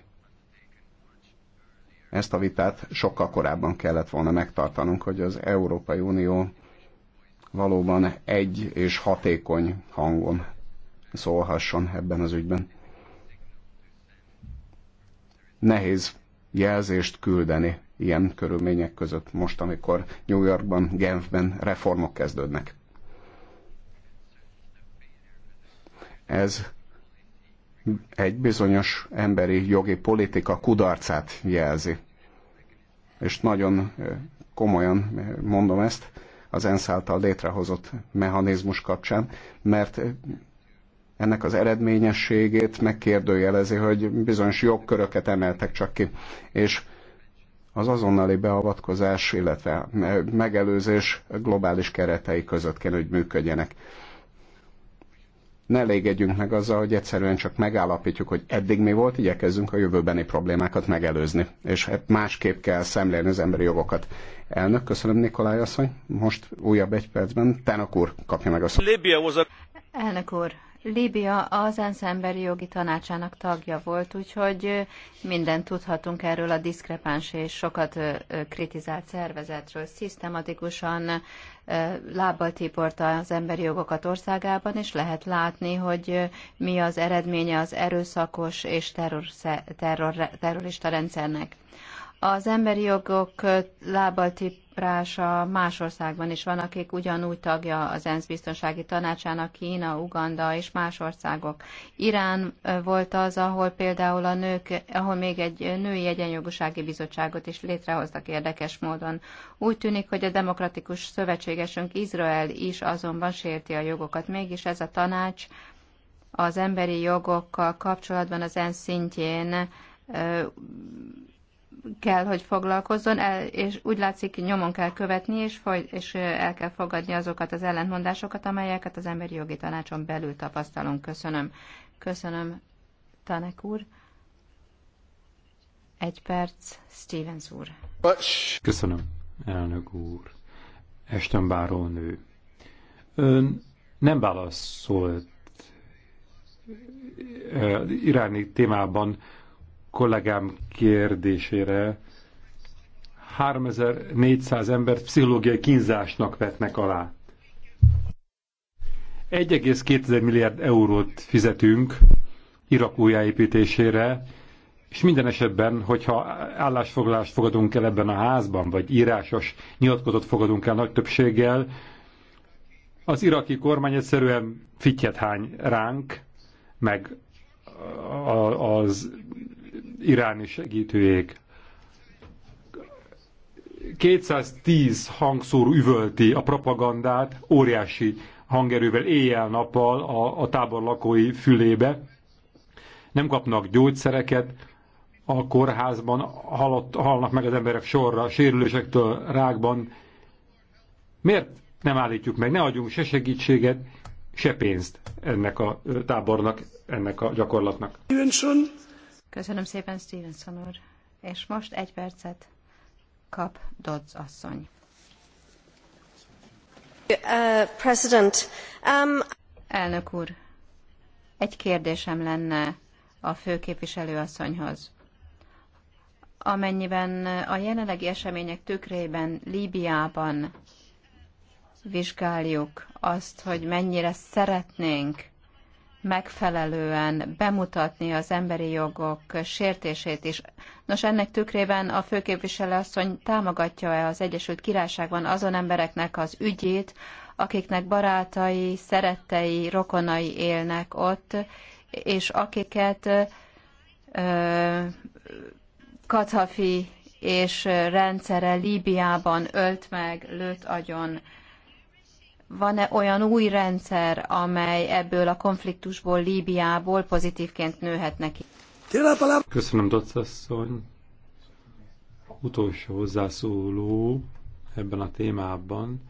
ezt a vitát sokkal korábban kellett volna megtartanunk, hogy az Európai Unió valóban egy és hatékony hangon szólhasson ebben az ügyben nehéz jelzést küldeni ilyen körülmények között most, amikor New Yorkban, Genfben reformok kezdődnek. Ez egy bizonyos emberi jogi politika kudarcát jelzi. És nagyon komolyan mondom ezt az ENSZ által létrehozott mechanizmus kapcsán, mert ennek az eredményességét megkérdőjelezi, hogy bizonyos jogköröket emeltek csak ki. És az azonnali beavatkozás, illetve megelőzés globális keretei között kell, hogy működjenek. Ne elégedjünk meg azzal, hogy egyszerűen csak megállapítjuk, hogy eddig mi volt, igyekezzünk a jövőbeni problémákat megelőzni. És hát másképp kell szemlélni az emberi jogokat. Elnök, köszönöm Nikolaj asszony. Most újabb egy percben Tának úr kapja meg a szót. Elnök úr, Líbia az ENSZ emberi jogi tanácsának tagja volt, úgyhogy mindent tudhatunk erről a diszkrepáns és sokat kritizált szervezetről. Szisztematikusan lábbal tiporta az emberi jogokat országában, és lehet látni, hogy mi az eredménye az erőszakos és terror, terror, terrorista rendszernek. Az emberi jogok lábaltiprása más országban is van, akik ugyanúgy tagja az ENSZ biztonsági tanácsának, Kína, Uganda és más országok. Irán volt az, ahol például a nők, ahol még egy női egyenjogúsági bizottságot is létrehoztak érdekes módon. Úgy tűnik, hogy a demokratikus szövetségesünk Izrael is azonban sérti a jogokat. Mégis ez a tanács az emberi jogokkal kapcsolatban az ENSZ szintjén kell, hogy foglalkozzon, el, és úgy látszik, nyomon kell követni, és, foly, és el kell fogadni azokat az ellentmondásokat, amelyeket az emberi jogi tanácson belül tapasztalunk. Köszönöm. Köszönöm, Tanek úr. Egy perc, Stevens úr. Köszönöm, elnök úr. Esten nő. Ön nem válaszolt iráni témában kollégám kérdésére 3400 embert pszichológiai kínzásnak vetnek alá. 1,2 milliárd eurót fizetünk Irak újjáépítésére, és minden esetben, hogyha állásfoglalást fogadunk el ebben a házban, vagy írásos nyilatkozatot fogadunk el nagy többséggel, az iraki kormány egyszerűen fityet hány ránk, meg az iráni segítőjék. 210 hangszór üvölti a propagandát, óriási hangerővel éjjel-nappal a, a tábor lakói fülébe. Nem kapnak gyógyszereket, a kórházban halott, halnak meg az emberek sorra, sérülésektől, rákban. Miért nem állítjuk meg, ne adjunk se segítséget, se pénzt ennek a tábornak, ennek a gyakorlatnak? Köszönöm szépen, Stevenson úr. És most egy percet kap Dodds asszony. Uh, President, um... Elnök úr, egy kérdésem lenne a főképviselő asszonyhoz. Amennyiben a jelenlegi események tükrében Líbiában vizsgáljuk azt, hogy mennyire szeretnénk megfelelően bemutatni az emberi jogok sértését is. Nos, ennek tükrében a főképviselő asszony támogatja-e az Egyesült Királyságban azon embereknek az ügyét, akiknek barátai, szerettei, rokonai élnek ott, és akiket ö, és rendszere Líbiában ölt meg, lőtt agyon van-e olyan új rendszer, amely ebből a konfliktusból, Líbiából pozitívként nőhet neki? Köszönöm, Docasszony. Utolsó hozzászóló ebben a témában,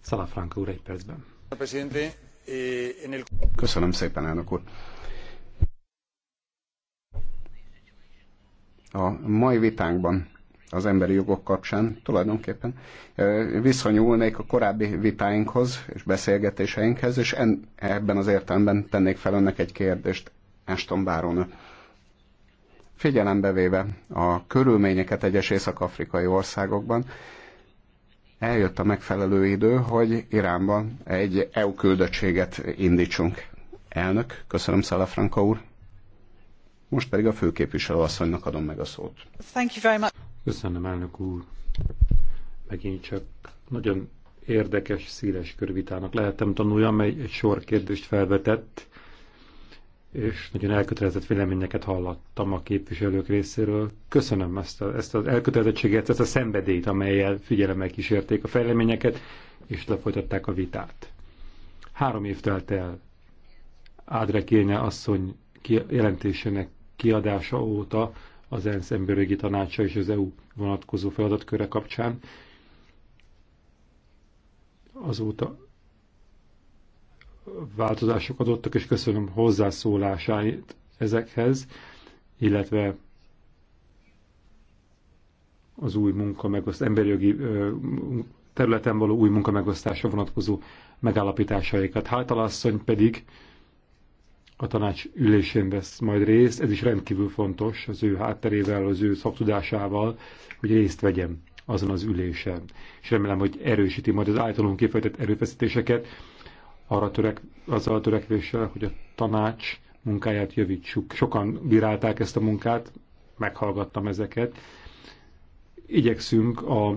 Szalafranka úr egy percben. Köszönöm szépen, elnök úr. A mai vitánkban az emberi jogok kapcsán tulajdonképpen Viszonyulnék a korábbi vitáinkhoz és beszélgetéseinkhez, és en, ebben az értelemben tennék fel önnek egy kérdést, Ashton Báron. Figyelembe véve a körülményeket egyes észak-afrikai országokban, eljött a megfelelő idő, hogy Iránban egy EU küldöttséget indítsunk. Elnök, köszönöm Franka úr. Most pedig a főképviselő asszonynak adom meg a szót. Thank you very much. Köszönöm, elnök úr. Megint csak nagyon érdekes, széles körvitának lehettem tanulni, amely egy sor kérdést felvetett, és nagyon elkötelezett véleményeket hallattam a képviselők részéről. Köszönöm ezt, a, ezt az elkötelezettséget, ezt a szenvedélyt, amelyel figyelemmel kísérték a fejleményeket, és lefolytatták a vitát. Három év telt el Ádre Kéne asszony jelentésének kiadása óta, az ENSZ emberi tanácsa és az EU vonatkozó feladatköre kapcsán. Azóta változások adottak, és köszönöm hozzászólásáit ezekhez, illetve az új munka, megosztás, emberi jogi területen való új munka munkamegosztásra vonatkozó megállapításaikat. Hátalasszony pedig a tanács ülésén vesz majd részt, ez is rendkívül fontos az ő hátterével, az ő szaktudásával, hogy részt vegyem azon az ülésen. És remélem, hogy erősíti majd az általunk kifejtett erőfeszítéseket arra törek, azzal a törekvéssel, hogy a tanács munkáját javítsuk. Sokan bírálták ezt a munkát, meghallgattam ezeket. Igyekszünk a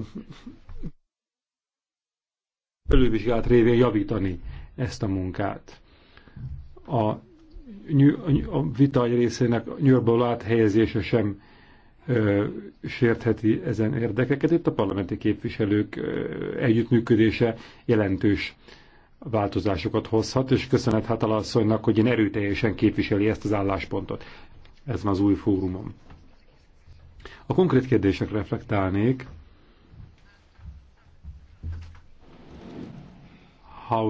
felülvizsgált révén javítani ezt a munkát. A a vita egy részének nyőrből áthelyezése sem ö, sértheti ezen érdekeket. Itt a parlamenti képviselők ö, együttműködése jelentős változásokat hozhat, és köszönet hát asszonynak, hogy én erőteljesen képviseli ezt az álláspontot. Ez van az új fórumom. A konkrét kérdések reflektálnék.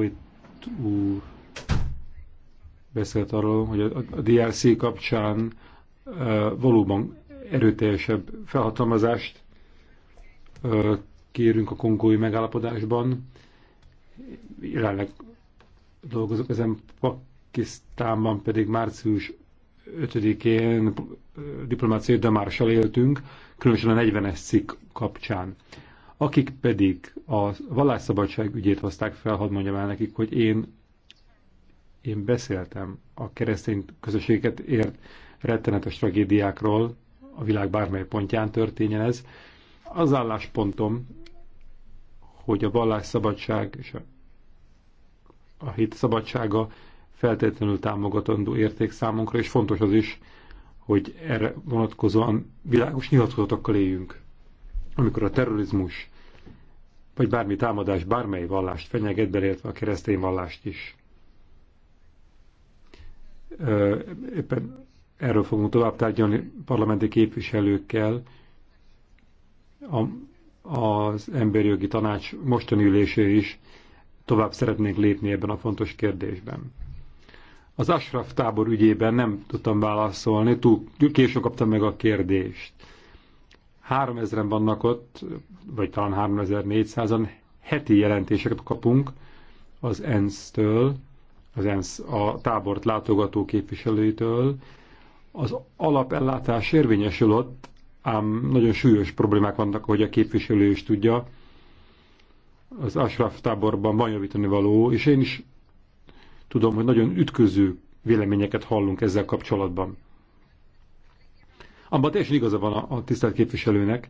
it úr beszélt arról, hogy a, a DRC kapcsán valóban erőteljesebb felhatalmazást kérünk a kongói megállapodásban. Jelenleg dolgozok ezen Pakisztánban pedig március 5-én diplomáciai demársal éltünk, különösen a 40-es cikk kapcsán. Akik pedig a vallásszabadság ügyét hozták fel, hadd mondjam el nekik, hogy én én beszéltem a keresztény közösséget ért rettenetes tragédiákról, a világ bármely pontján történjen ez. Az álláspontom, hogy a szabadság és a, a hit szabadsága feltétlenül támogatandó érték számunkra, és fontos az is, hogy erre vonatkozóan világos nyilatkozatokkal éljünk. Amikor a terrorizmus, vagy bármi támadás bármely vallást fenyeget, beleértve a keresztény vallást is éppen erről fogunk tovább tárgyalni parlamenti képviselőkkel. A, az emberi jogi tanács mostani ülésé is tovább szeretnénk lépni ebben a fontos kérdésben. Az Ashraf tábor ügyében nem tudtam válaszolni, túl későn kaptam meg a kérdést. 3000-en vannak ott, vagy talán 3400-an heti jelentéseket kapunk az ENSZ-től, az ENSZ a tábort látogató képviselőitől, az alapellátás érvényesül ott, ám nagyon súlyos problémák vannak, hogy a képviselő is tudja. Az Ashraf táborban van javítani való, és én is tudom, hogy nagyon ütköző véleményeket hallunk ezzel kapcsolatban. Abban teljesen igaza van a, a tisztelt képviselőnek,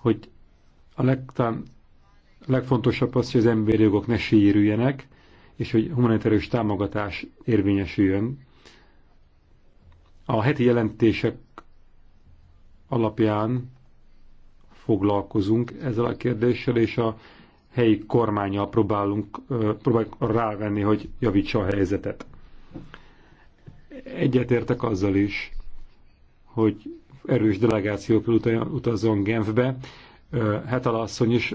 hogy a legtán, legfontosabb az, hogy az emberi jogok ne sérüljenek, és hogy humanitárius támogatás érvényesüljön. A heti jelentések alapján foglalkozunk ezzel a kérdéssel, és a helyi kormányjal próbálunk, próbáljuk rávenni, hogy javítsa a helyzetet. Egyetértek azzal is, hogy erős delegációk utazzon Genfbe. Hetala asszony is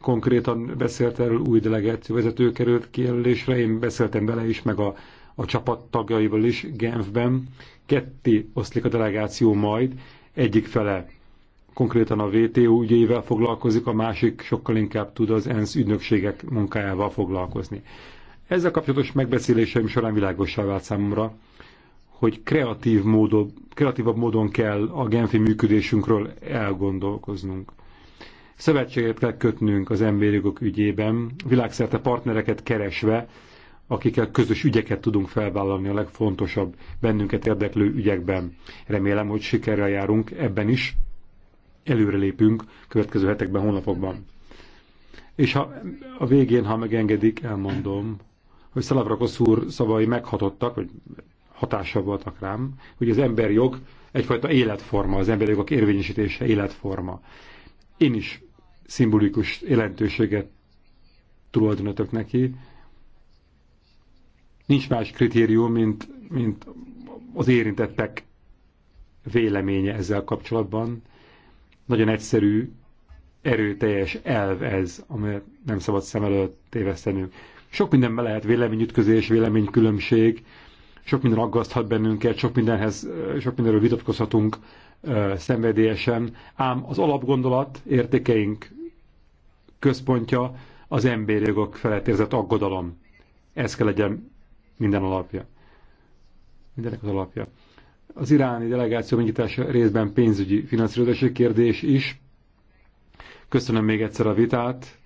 konkrétan beszélt erről, új delegáció vezető került kijelölésre, én beszéltem bele is, meg a, a csapat tagjaival is Genfben. Ketté oszlik a delegáció majd, egyik fele konkrétan a VTO ügyeivel foglalkozik, a másik sokkal inkább tud az ENSZ ügynökségek munkájával foglalkozni. Ezzel kapcsolatos megbeszéléseim során világosá vált számomra, hogy kreatív módon, kreatívabb módon kell a genfi működésünkről elgondolkoznunk szövetséget kell kötnünk az emberi jogok ügyében, világszerte partnereket keresve, akikkel közös ügyeket tudunk felvállalni a legfontosabb bennünket érdeklő ügyekben. Remélem, hogy sikerrel járunk ebben is, előrelépünk következő hetekben, hónapokban. És ha a végén, ha megengedik, elmondom, hogy Szalavrakosz úr szavai meghatottak, vagy hatással voltak rám, hogy az emberjog egyfajta életforma, az emberjogok érvényesítése életforma. Én is szimbolikus jelentőséget tulajdonítok neki. Nincs más kritérium, mint, mint az érintettek véleménye ezzel kapcsolatban. Nagyon egyszerű, erőteljes elv ez, amelyet nem szabad szem előtt tévesztenünk. Sok mindenben lehet véleményütközés, véleménykülönbség, sok minden aggaszthat bennünket, sok mindenhez, sok mindenről vitatkozhatunk, szenvedélyesen, ám az alapgondolat értékeink központja az emberi jogok felett érzett aggodalom. Ez kell legyen minden alapja. Mindenek az alapja. Az iráni delegáció megnyitása részben pénzügyi finanszírozási kérdés is. Köszönöm még egyszer a vitát.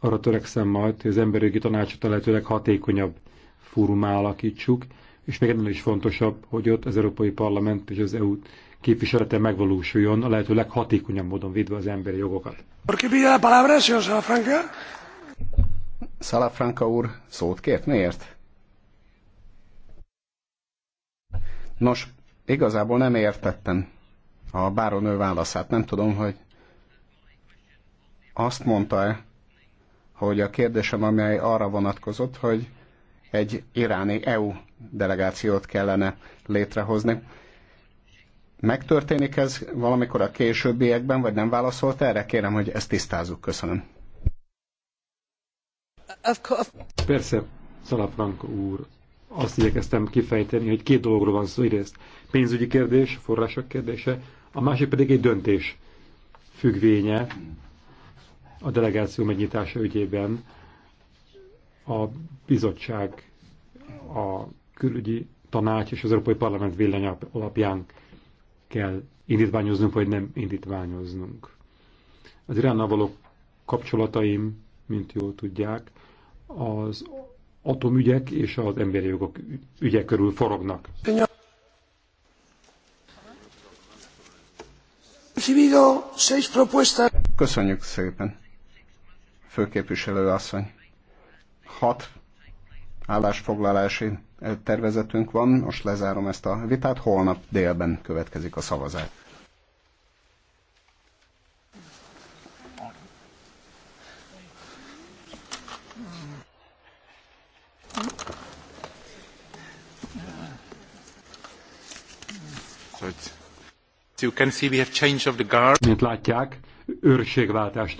Arra törekszem majd, hogy az emberi jogi tanácsot a lehetőleg hatékonyabb fórumá alakítsuk, és még ennél is fontosabb, hogy ott az Európai Parlament és az EU képviselete megvalósuljon a lehető leghatékonyabb módon védve az emberi jogokat. Salafranca úr szót kért? Miért? Nos, igazából nem értettem a báronő válaszát. Nem tudom, hogy azt mondta-e, hogy a kérdésem, amely arra vonatkozott, hogy egy iráni EU delegációt kellene létrehozni. Megtörténik ez valamikor a későbbiekben, vagy nem válaszolt erre? Kérem, hogy ezt tisztázzuk. Köszönöm. Persze, Szalaprank úr, azt igyekeztem kifejteni, hogy két dologról van szó, egyrészt pénzügyi kérdés, források kérdése, a másik pedig egy döntés függvénye a delegáció megnyitása ügyében a bizottság, a külügyi tanács és az Európai Parlament vélemény alapján kell indítványoznunk, vagy nem indítványoznunk. Az Iránnal való kapcsolataim, mint jól tudják, az atomügyek és az emberi jogok ügyek körül forognak. Köszönjük szépen, főképviselő asszony. Hat állásfoglalási tervezetünk van. Most lezárom ezt a vitát, holnap délben következik a szavazás. So you can see we have change of the guard. Mint látják, őrségváltást